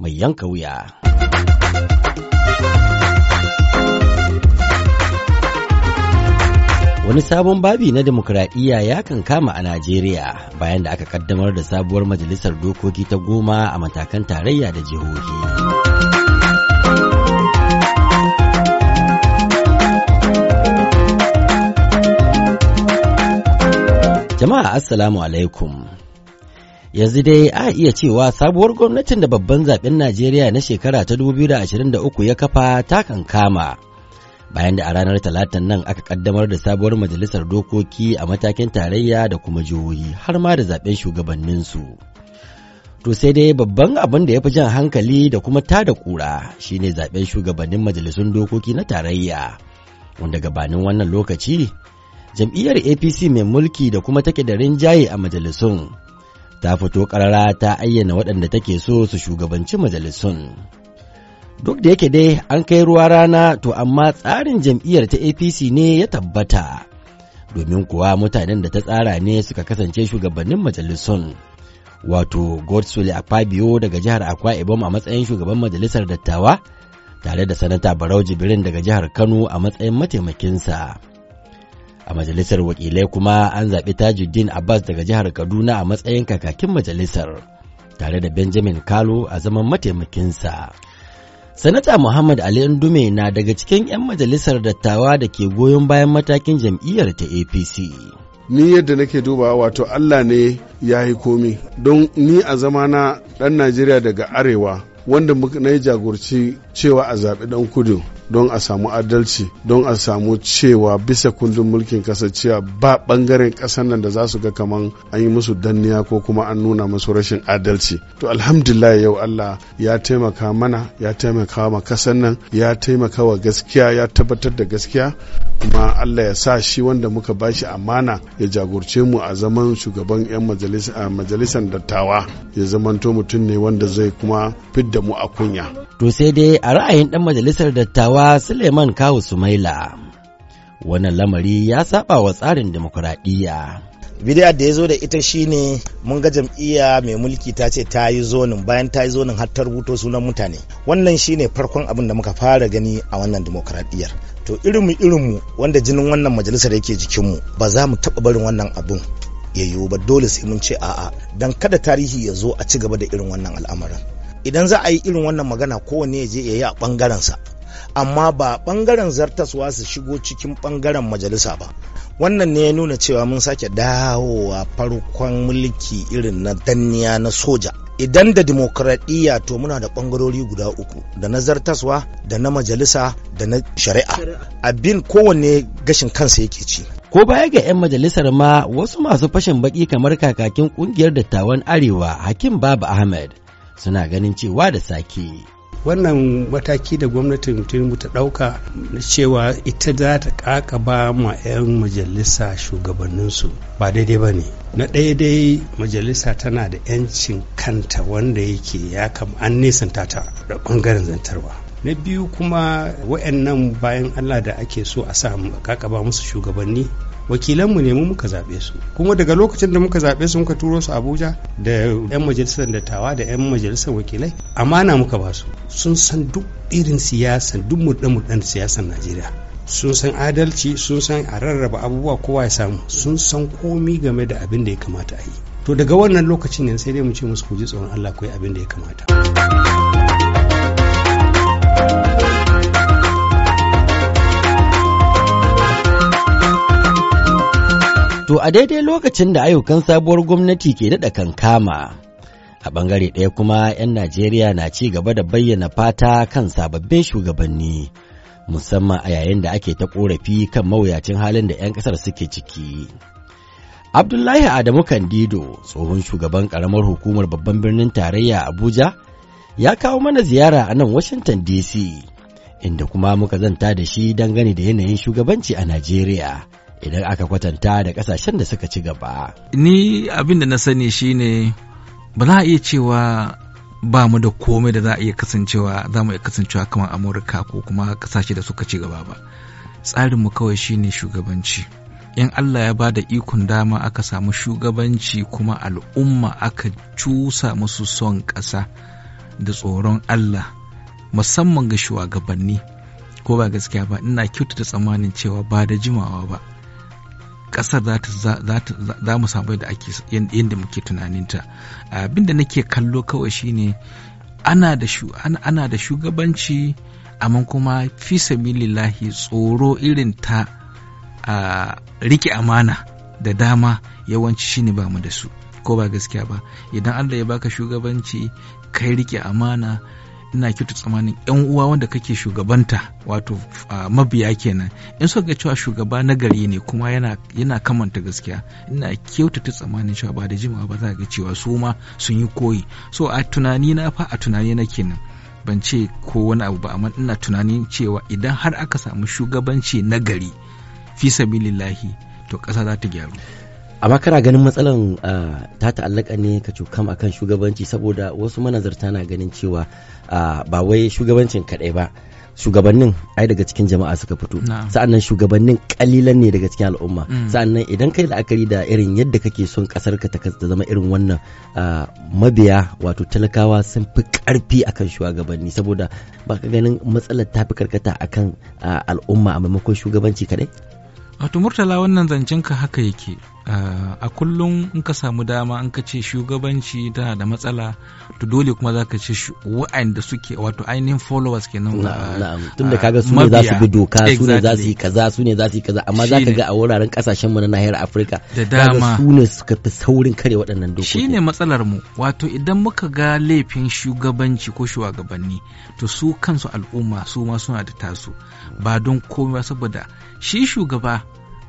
mai yanka wuya. Wani sabon babi na demokuraɗiyya ya kan kama a Najeriya bayan da aka kaddamar da sabuwar majalisar dokoki ta goma a matakan tarayya da jihohi. Jama'a Assalamu alaikum. yanzu dai a iya cewa sabuwar gwamnatin da babban zaben najeriya na shekara ta 2023 ya kafa ta kankama bayan da a ranar talatin nan aka kaddamar da sabuwar majalisar dokoki a matakin tarayya da kuma jihohi har ma da zaben shugabanninsu to sai dai babban abin da ya fi jan hankali da kuma tada kura shine zaben shugabannin majalisun dokoki na tarayya wanda gabanin wannan lokaci jam'iyyar apc mai mulki da kuma take da rinjaye a majalisun ta fito karara ta ayyana waɗanda take so su shugabanci majalisun. Duk da yake dai an kai ruwa rana to amma tsarin jam'iyyar ta APC ne ya tabbata, domin kuwa mutanen da ta tsara ne suka kasance shugabannin majalisun. Wato Godsole Akpabio daga jihar Akwa Ibom a matsayin shugaban majalisar dattawa, tare da sanata Barau Jibirin daga jihar Kano a matsayin mataimakinsa. a majalisar wakilai kuma an zaɓi tajuddin abbas daga jihar kaduna a matsayin kakakin majalisar tare da benjamin kalo a zaman mataimakinsa sanata muhammad ali ndume na daga cikin 'yan majalisar dattawa da ke goyon bayan matakin jam'iyyar ta apc ni yadda nake duba wato allah ne ya yi komi don ni a zama na ɗan najeriya daga arewa wanda na yi jagorci cewa a zaɓi ɗan kudu don a samu adalci don a samu cewa bisa kundin mulkin kasa cewa ba bangaren kasan nan da za su ga kaman an yi musu danniya ko kuma an nuna musu rashin adalci to alhamdulillah yau Allah ya taimaka mana ya taimaka ma kasan nan ya taimaka wa gaskiya ya tabbatar da gaskiya kuma Allah ya sa shi wanda muka bashi amana ya jagorce mu a zaman shugaban 'yan majalisar dattawa ya zamanto mutum ne wanda zai kuma fidda mu a kunya. To sai dai a ra'ayin dan majalisar dattawa shugaba Suleiman Kawu Sumaila. Wannan lamari ya saba wa tsarin demokuraɗiyya. bidiyar da ya zo da ita shine mun ga jam'iyya mai mulki ta ce ta yi zonin bayan ta yi zonin har ta rubuto sunan mutane wannan shine farkon abin da muka fara gani a wannan demokradiyyar to irinmu irinmu wanda jinin wannan majalisar yake jikinmu ba za mu taɓa barin wannan abin ya yiwu ba dole sai mun ce a'a Dan kada tarihi ya zo a ci gaba da irin wannan al'amarin idan za a yi irin wannan magana kowanne ya je ya yi a ɓangarensa amma ba ɓangaren zartaswa su shigo cikin ɓangaren majalisa ba wannan ne ya nuna cewa mun sake dawowa farkon mulki irin na danniya na soja idan da dimokuraɗiyya to muna da ɓangarori guda uku da na zartaswa da na majalisa da na shari'a abin kowanne gashin kansa yake ci ko baya ga 'yan majalisar ma wasu masu fashin baki kamar kakakin kungiyar dattawan arewa hakim babu ahmed suna ganin cewa da sake wannan mataki da gwamnatin tinubu ta dauka cewa ita za ta ba ma 'yan majalisa shugabanninsu ba daidai ba ne na ɗaya dai majalisa tana da 'yancin kanta wanda yake ya kam an nesanta ta da ɓangaren zantarwa na biyu kuma wayannan bayan allah da ake so a sa kakaba musu shugabanni wakilanmu ne mu muka zaɓe su kuma daga lokacin da muka zaɓe su muka turo su abuja da 'yan majalisar dattawa da 'yan majalisar wakilai amana muka ba su sun san duk irin siyasan duk murɗe-murɗen siyasar najeriya sun san adalci sun san a rarraba abubuwa kowa ya samu sun san komi game da abin da ya kamata a yi to daga wannan lokacin ne sai dai mu ce musu ku ji tsoron allah ku yi abin da ya kamata. To a daidai lokacin da ayyukan sabuwar gwamnati ke daɗa kankama. A ɓangare ɗaya kuma 'yan Najeriya na ci gaba da bayyana fata kan sababbin shugabanni, musamman a yayin da ake ta ƙorafi kan mawuyacin halin da 'yan ƙasar suke ciki. Abdullahi Adamu Kandido, tsohon shugaban ƙaramar hukumar babban birnin tarayya Abuja, ya kawo mana ziyara a nan Washington DC, inda kuma muka zanta da shi dangane da yanayin shugabanci a Najeriya. idan aka kwatanta da kasashen da suka ci gaba. Ni abin da na sani shine ba za a iya cewa ba mu da komai da za a iya kasancewa za mu iya kasancewa kamar Amurka ko kuma kasashe da suka ci gaba ba. Tsarinmu kawai shine shugabanci. in Allah ya ba da ikon dama aka samu shugabanci kuma al'umma aka cusa musu son ƙasa da tsoron Allah musamman ga shugabanni ko ba gaskiya ba ina kyautata tsammanin cewa ba da jimawa ba kasar za mu samu yadda ake yadda muke tunaninta abin da nake kallo kawai shine ana da shugabanci amma kuma fi lillahi, tsoro irin ta rike amana da dama yawanci shine ba mu da su ko ba gaskiya ba idan Allah ya baka shugabanci kai rike amana ina kyautu tsamanin yan uwa wanda kake shugabanta wato mabiya kenan in suka ga cewa shugaba na gari ne kuma yana yana kamanta gaskiya ina kyautata tsamanin cewa ba da jimawa ba za ga cewa su ma sun yi koyi so a tunani na fa a tunani na kenan ban ce ko wani abu ba amma ina tunanin cewa idan har aka samu shugabanci na gari fi sabilillahi to ƙasa za ta gyaru amma kana ganin matsalan ta ta'allaka ne ka cukam akan shugabanci saboda wasu manazarta na ganin cewa ba wai shugabancin kaɗai ba shugabannin ai daga cikin jama'a suka fito sa'annan shugabannin kalilan ne daga cikin al'umma mm. sa'annan idan kai la'akari da irin yadda kake son kasar ka ta zama irin wannan mabiya wato talakawa sun fi karfi akan shugabanni saboda baka ganin matsalar ta fi karkata akan al'umma a maimakon shugabanci kadai wato murtala wannan zancen ka haka yake a kullum in ka samu dama in ka ce shugabanci tana da matsala to dole kuma za ka ce wa'anda suke wato ainihin followers kenan tun da kaga su ne za su bi doka su ne za su yi kaza su ne za su yi kaza amma za ka ga a wuraren kasashen mu na nahiyar afirka da dama su ne suka fi saurin kare waɗannan dokoki shine matsalar mu wato idan muka ga laifin shugabanci ko shugabanni to su kansu al'umma su ma suna da tasu ba don komai saboda shi shugaba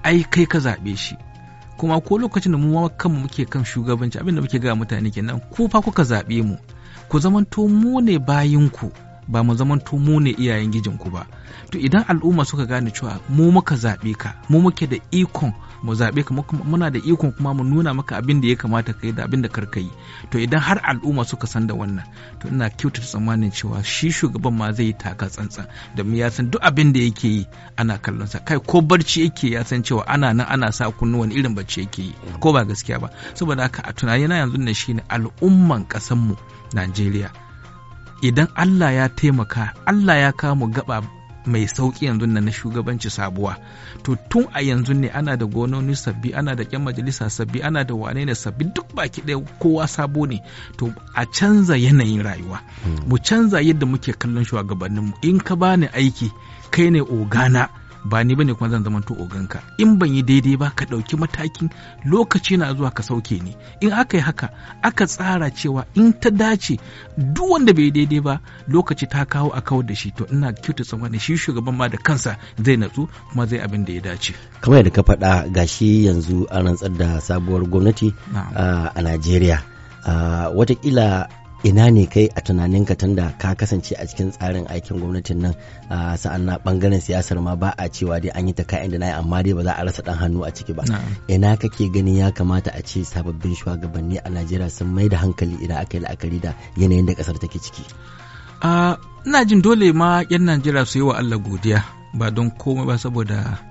ai kai ka zaɓe shi kuma ko lokacin da mu kanmu muke kan shugabanci abinda da muke ga mutane kenan ku fa kuka zaɓe mu ku zamanto mu ne bayinku ku ba mu zaman tu mu ne iyayen gijin ku ba to idan al'umma suka gane cewa mu muka zaɓe ka mu muke da ikon mu zaɓe ka muna da ikon kuma mu nuna maka abin da ya kamata ka yi da abin da karka yi to idan har al'umma suka san da wannan to ina kyautata tsammanin cewa shi shugaban ma zai yi taka tsantsan domin ya san duk abin da yake yi ana kallon sa kai ko barci yake ya san cewa ana nan ana sa wani irin barci yake yi ko ba gaskiya ba saboda haka a tunanina yanzu ne shine al'umman ƙasar mu Najeriya idan Allah ya taimaka Allah ya kama gaba mai sauƙi yanzu nan na shugabanci sabuwa to tun a yanzu ne ana da gononi sabbi ana da yan majalisa sabbi ana da wane ne sabbi duk baki ɗaya kowa sabo ne to a canza yanayin rayuwa hmm. mu canza yadda muke kallon shugabanninmu in ka bani aiki kai ne ogana ba ni bane kuma zan zamanto oganka in ban yi daidai ba ka ɗauki matakin lokaci na zuwa ka sauke ni in aka yi haka aka tsara cewa in ta dace duk wanda bai daidai ba lokaci ta kawo a kawar da shi to ina kyautu tsammani shi shugaban ma da kansa zai natsu kuma zai abin da ya dace kamar yadda ka faɗa gashi yanzu an rantsar da sabuwar gwamnati a Najeriya watakila ina ne kai a tunanin ka tunda ka kasance a cikin tsarin aikin gwamnatin nan sa'an na bangaren siyasar ma ba a cewa dai an yi ta ka'in da na yi amma dai ba za a rasa dan hannu a ciki ba ina kake ganin ya kamata a ce sababbin shugabanni a najeriya sun mai da hankali idan aka yi la'akari da yanayin da kasar take ciki ina jin dole ma yan najeriya su yi wa allah godiya ba don komai ba saboda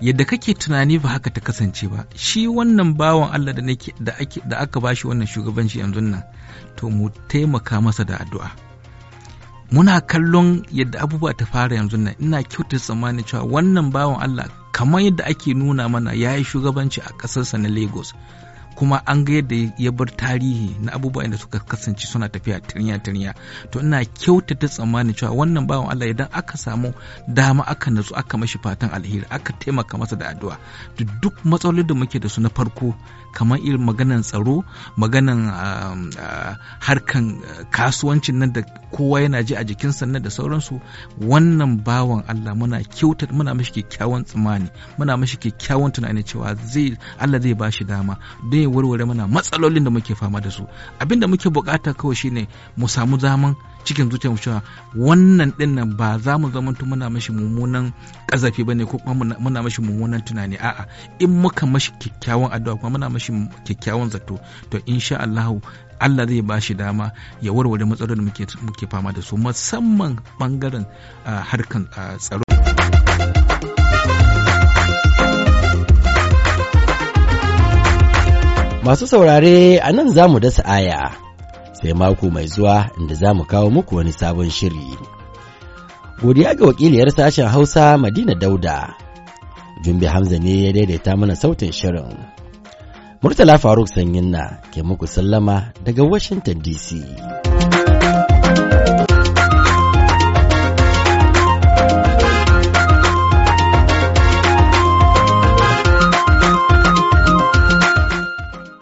yadda kake tunani ba haka ta kasance ba shi wannan bawan Allah da nake da ake da aka bashi wannan shugabanci yanzu nan to mu taimaka masa da addu'a muna kallon yadda abubuwa ta fara yanzu nan ina kyautar tsammanin cewa wannan bawan Allah kamar yadda ake nuna mana yayi shugabanci a ƙasarsa na Lagos kuma an ga yadda ya bar tarihi na abubuwan da suka kasance suna tafiya tirnya tirnya to ina kyautata tsammanin cewa wannan bawan Allah idan aka samu dama aka natsu aka mashi fatan alheri aka taimaka masa da addu'a duk matsaloli da muke da su na farko kamar irin maganan tsaro maganan ah, ah, harkan ah, kasuwancin nan da kowa yana ji a jikin sannan da sauransu wannan bawan Allah muna kyautata muna mashi kyakkyawan tsammani muna mashi kyakkyawan tunani cewa zai Allah zai ba shi dama warware mana matsalolin da muke fama da su abin da muke bukata kawai shine mu samu zaman cikin zuciya mu cewa wannan dinnan ba za mu tun muna mashi mummunan kazafi bane ko kuma muna mashi mummunan tunani a'a in muka mashi kyakkyawan addu'a kuma muna mashi kyakkyawan zato to insha Allah Allah zai ba shi dama ya warware matsalolin da muke fama da su musamman bangaren ah, harkan ah, tsaro Masu saurare a nan za mu dasa aya, sai mako mai zuwa inda za mu kawo muku wani sabon shiri. Godiya ga wakiliyar sashen Hausa Madina Dauda, Jumbi Hamza ne ya daidaita mana sautin shirin. Murtala Faruk Sanyin na ke muku sallama daga Washington DC.